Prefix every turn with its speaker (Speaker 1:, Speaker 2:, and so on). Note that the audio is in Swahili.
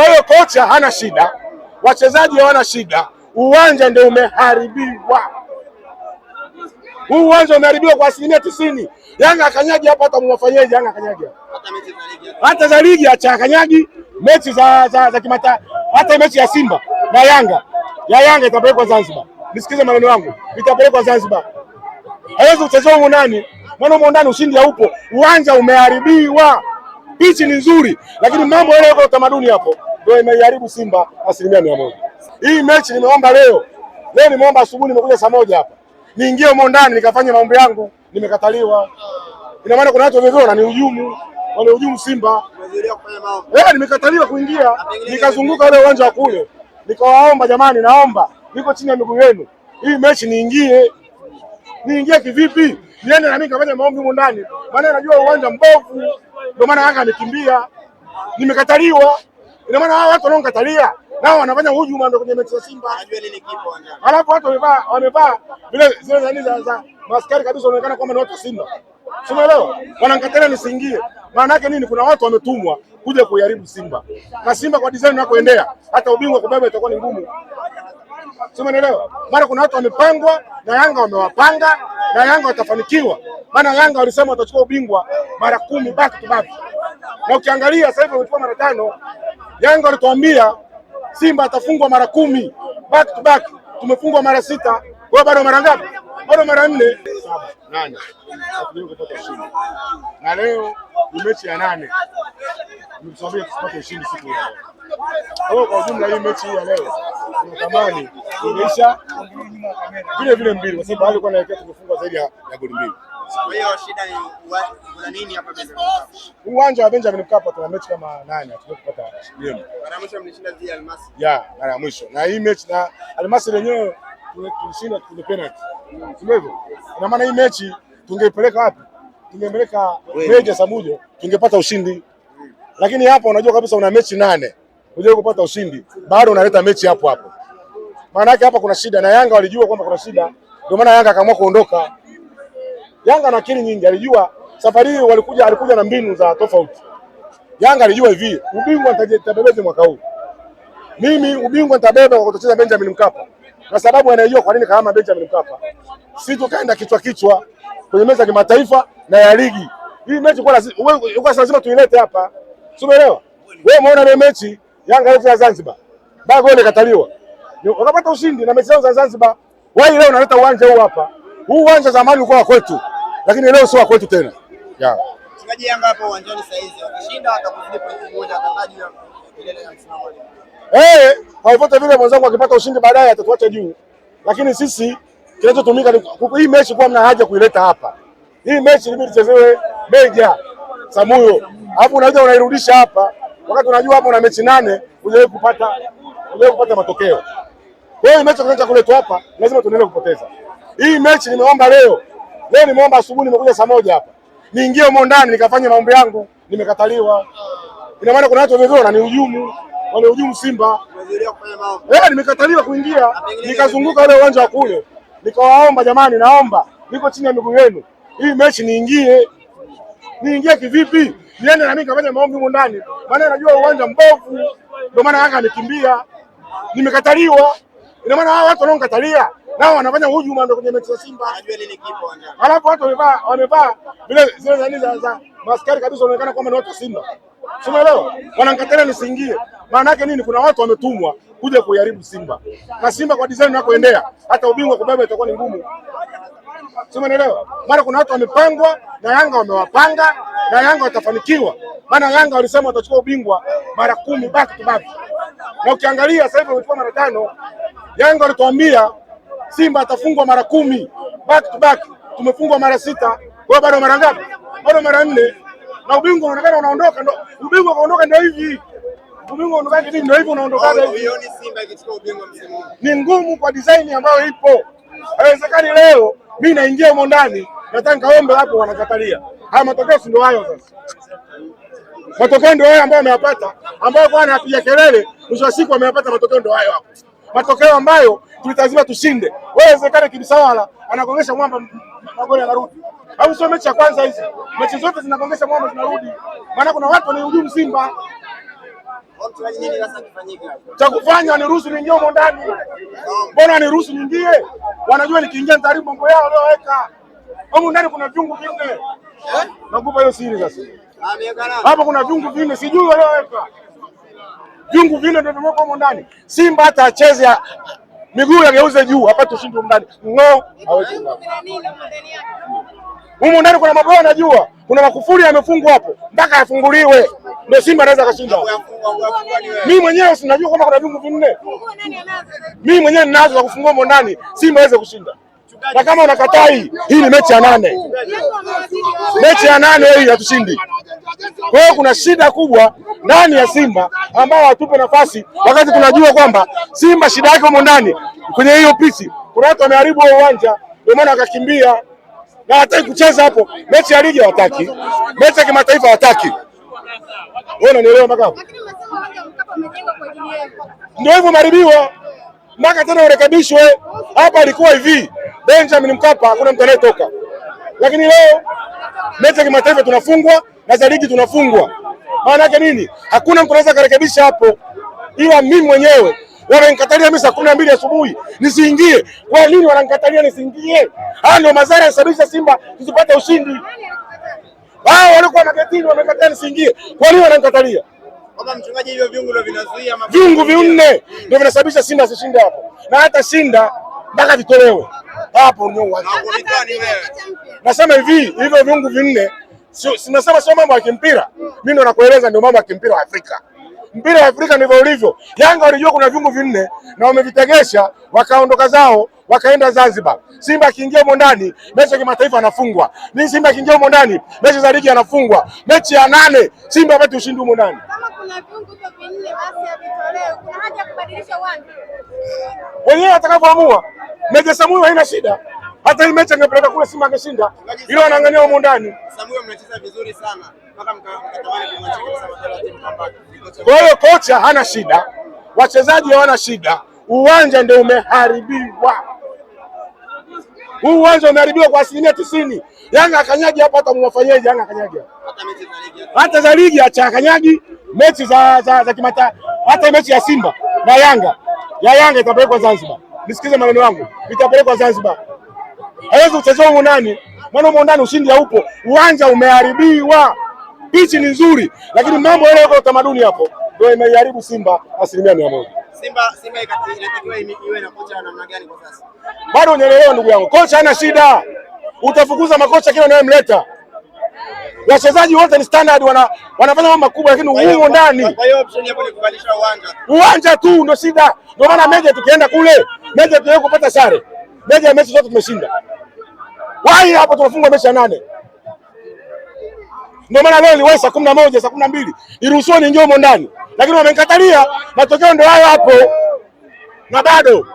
Speaker 1: Kwa hiyo kocha hana shida, wachezaji hawana shida, uwanja ndio umeharibiwa. Huu uwanja umeharibiwa kwa asilimia tisini. Yanga akanyagi hapa, hata mwafanyaje? Yanga akanyagi hata za ligi acha akanyagi mechi za, za, za kimata, Hata mechi ya Simba na Yanga ya Yanga itapelekwa Zanzibar. Nisikize maneno yangu, itapelekwa Zanzibar. Hawezi kuchezea huko ndani, mwana huko ndani ushindi haupo, uwanja umeharibiwa. Pichi ni nzuri, lakini mambo yale yako utamaduni hapo ndio imeiharibu Simba asilimia mia moja. Hii mechi nimeomba leo leo, nimeomba asubuhi, nimekuja saa moja hapa niingie humo ndani nikafanye maombi yangu, nimekataliwa. Ina maana kuna watu wamezoea wananihujumu, wanahujumu Simba. Eh, nimekataliwa kuingia, nikazunguka ule uwanja wa kule, nikawaomba jamani, naomba niko chini ya miguu yenu, hii mechi niingie. Niingie kivipi? Niende na mimi nikafanye maombi humo ndani, maana najua uwanja mbovu, ndio maana Yanga amekimbia, nimekataliwa. Ina maana hao watu wanaokatalia nao wanafanya hujuma ndio kwenye mechi za Simba. Alafu watu wamevaa wamevaa vile zile zani za za maskari kabisa, wanaonekana kwamba ni watu wa Simba. Umeelewa? Wanakatalia nisiingie. Maana yake nini? Kuna watu wametumwa kuja kuiharibu Simba na Simba kwa design inakoendea, hata ubingwa kubeba itakuwa ni ngumu. Umeelewa? mara kuna watu wamepangwa na Yanga, wamewapanga na Yanga watafanikiwa, maana Yanga walisema watachukua ubingwa mara kumi back to back, na ukiangalia sasa hivi wamechukua mara tano. Yanga walituambia Simba atafungwa mara kumi back to back, tumefungwa mara sita. Wewe bado mara ngapi? Bado mara nne, Na leo ni mechi ya nane, tumesabia tupate ushindi siku ya leo. Kwa ujumla hii mechi ya leo tunatamani kuonyesha vile vile mbili, kwa sababu alikuwa anaelekea tumefungwa zaidi ya goli mbili. Uwanja wa Benjamin Mkapa tuna mechi kama nane mwisho Yeah, mara ya mwisho. Na hii mechi na Almasi lenyewe tulishinda Sio hivyo? Ina maana hii mechi tungeipeleka wapi? Tungepeleka Meja tungepata ushindi. Lakini hapa unajua kabisa una mechi nane uje kupata ushindi, bado unaleta mechi hapo hapo. Maana yake hapa kuna shida, na Yanga walijua kwamba kuna shida, ndio maana Yanga akaamua kuondoka. Yanga na akili nyingi, alijua safari hiyo walikuja, alikuja na mbinu za tofauti. Yanga alijua hivi, ubingwa nitabebeze mwaka huu mimi ubingwa nitabeba kwa kutocheza Benjamin Mkapa, kwa sababu anajua kwa nini kama Benjamin Mkapa. Sisi tukaenda kichwa kichwa kwenye meza ya kimataifa na ya ligi hii. Mechi kwa lazima tuilete hapa, umeelewa? Wewe umeona ile mechi Yanga yetu ya Zanzibar. Bao goli kataliwa. Unapata ushindi na mechi za Zanzibar. Wao leo naleta uwanja huu hapa. Huu uwanja zamani ulikuwa kwetu. Lakini leo sio kwetu tena. Yeah.
Speaker 2: Mchezaji Yanga hapo uwanjani sasa hizi wakishinda watakuzidi pointi moja atakaji ile ya
Speaker 1: msimamo. Eh, kwa hivyo vile mwanzo akipata ushindi baadaye atatuacha juu. Lakini sisi kinachotumika ni hii mechi kwa mna haja kuileta hapa. Hii mechi ilibidi ichezewe Beja Samuyo. Alafu unaweza unairudisha hapa wakati unajua hapo na mechi nane hujawahi kupata hujawahi kupata matokeo. Kwa hiyo mechi tunaanza kuletwa hapa, lazima tuendelee kupoteza hii mechi. Nimeomba leo leo, nimeomba asubuhi, nimekuja saa moja hapa niingie humo ndani nikafanye maombi yangu, nimekataliwa. Ina maana kuna watu wamevyo wananihujumu, wanahujumu Simba. Eh, nimekataliwa kuingia, nikazunguka ule uwanja wa kule, nikawaomba jamani, naomba niko chini ya miguu yenu, hii mechi niingie. Niingie kivipi? niende na mimi kafanya maombi huko ndani, maana najua uwanja mbovu, ndio maana haka amekimbia. Nimekataliwa, ina maana hao watu wanaokatalia nao wanafanya hujuma, ndio kwenye mechi ya Simba. Najua nini kipo wanjani, alafu watu wamevaa wamevaa vile zile zani za, za maskari kabisa, wanaonekana kwamba ni watu wa Simba, simeelewa, wananikatalia nisiingie. Maana yake nini? Kuna watu wametumwa kuja kuiharibu Simba na Simba kwa design unakoendea, hata ubingwa kubeba itakuwa ni ngumu, simeelewa. Mara kuna watu wamepangwa na Yanga wamewapanga na Yanga watafanikiwa, maana Yanga walisema watachukua ubingwa mara kumi back to back, na ukiangalia sasa hivi wamechukua mara tano. Yanga walituambia Simba atafungwa mara kumi back to back, tumefungwa mara sita. Kwa hiyo bado mara ngapi? Bado mara nne, na ubingwa unaonekana unaondoka. ndo ubingwa unaondoka, ndio hivi ubingwa unaondoka, ndio hivi unaondoka. Simba ikichukua ubingwa msimu ni ngumu kwa design ambayo ipo, haiwezekani. Leo mimi naingia humo ndani, nataka nikaombe, hapo wanakatalia. Haya matokeo si ndio hayo sasa. Matokeo ndio hayo ambayo ameyapata, ambayo kwa anapiga kelele, mwisho wa siku ameyapata matokeo ndio hayo hapo. Matokeo ambayo tulitazima tushinde. Wewe zekane kibisawala anakongesha mwamba magoli anarudi. Au sio mechi ya kwanza hizi. Mechi zote zinakongesha mwamba zinarudi. Maana kuna watu wanahujumu Simba. Cha kufanya ni ruhusu niingie humo ndani. Mbona ni ruhusu niingie? Wanajua nikiingia nitaharibu mambo yao walioweka. Huko ndani kuna vyungu vingi. Eh? Nakupa hiyo siri sasa. Ah, hapo kuna vyungu vinne, sijui walioweka vyungu vinne ndio vimewekwa huko ndani. Simba hata acheze miguu yageuze juu apate ushindi huko ndani ngo hawezi. humo ndani kuna mambo yanajua, kuna makufuri yamefungwa hapo, mpaka yafunguliwe ndio Simba anaweza kashinda. Mimi mwenyewe sinajua kama kuna vyungu vinne, mimi mwenyewe ninazo za kufungua huko ndani, Simba aweze kushinda na kama unakataa hii, hii ni mechi ya nane, mechi ya nane hii hatushindi. Kwa hiyo kuna shida kubwa ndani ya Simba ambao hatupo nafasi, wakati tunajua kwamba Simba shida yake humo ndani kwenye hiyo pisi. Kuna watu wameharibu huo uwanja, ndio maana wakakimbia na hataki kucheza hapo. Mechi ya ligi hawataki, mechi ya kimataifa hawataki. Wewe unanielewa mpaka hapo? Ndio hivyo, maribiwa mpaka tena urekebishwe. Hapa alikuwa hivi Benjamin Mkapa hakuna mtu anayetoka, lakini leo mechi ya kimataifa tunafungwa na za ligi tunafungwa. Maana yake nini? Hakuna mtu anaweza karekebisha hapo, ila mimi mwenyewe wamenikatalia mimi saa kumi na mbili asubuhi nisiingie. Kwa nini wanakatalia nisiingie? Haya ndio madhara yanasababisha Simba tusipate ushindi. Wao walikuwa magetini, wamekatalia nisiingie. Kwa nini wanakatalia?
Speaker 2: wananikatalia? Mchungaji, hivyo viungo ndio vinazuia
Speaker 1: viungo vinne ndio vinasababisha Simba asishinde hapo, na hata shinda mpaka vitolewe hapo ndio uanze. Nasema hivi hivyo viungu vinne, sinasema sio mambo ya kimpira, mimi ndo nakueleza, ndio mambo ya kimpira wa Afrika. Mpira wa Afrika ndivyo ulivyo. Yanga walijua kuna viungu vinne na wamevitegesha, wakaondoka zao, wakaenda Zanzibar. Simba akiingia humo ndani, mechi ya kimataifa anafungwa. Ni Simba akiingia humo ndani, mechi za ligi anafungwa. Mechi ya nane Simba hapati ushindi humo ndani kuna viungo hivyo vinne, basi avitolewe. Kuna haja ya kubadilisha uwanja wenyewe atakavyoamua. Meja Samuel haina shida, hata hii mechi angepeleka kule Simba angeshinda, ilo wanaangania humo ndani. Samuel mnacheza vizuri sana mpaka mkatamani kumwacha. Kwa hiyo kocha hana shida, wachezaji hawana shida, uwanja ndio umeharibiwa. Huu uwanja umeharibiwa kwa asilimia tisini. Yanga akanyagi hapa, hata mwafanyaje? Yanga akanyagi hata za ligi acha akanyagi, mechi za, za, za kimataifa, hata mechi ya Simba na Yanga ya Yanga itapelekwa Zanzibar. Nisikize maneno yangu, itapelekwa Zanzibar, haiwezi kuchezwa huko ndani, maana huko ndani ushindi haupo, uwanja umeharibiwa, pichi ni nzuri, lakini mambo yale yako utamaduni hapo ndio imeharibu Simba asilimia mia moja. Simba Simba inatakiwa iwe na kocha wa namna gani kwa sasa? Bado unaelewa ndugu yangu, kocha ana shida, utafukuza makocha kila unayemleta wachezaji wote ni standard, wana wanafanya mambo makubwa, lakini humo ndani. uwanja, tu ndio shida. Ndio maana Meja tukienda kule Meja tuwe kupata sare Meja ya mechi zote tumeshinda, wai hapo tunafungwa mechi ya nane. Ndio maana leo liwe saa kumi na moja saa kumi na mbili iruhusiwe ni humo ndani, lakini wamekatalia. Matokeo ndio hayo hapo na bado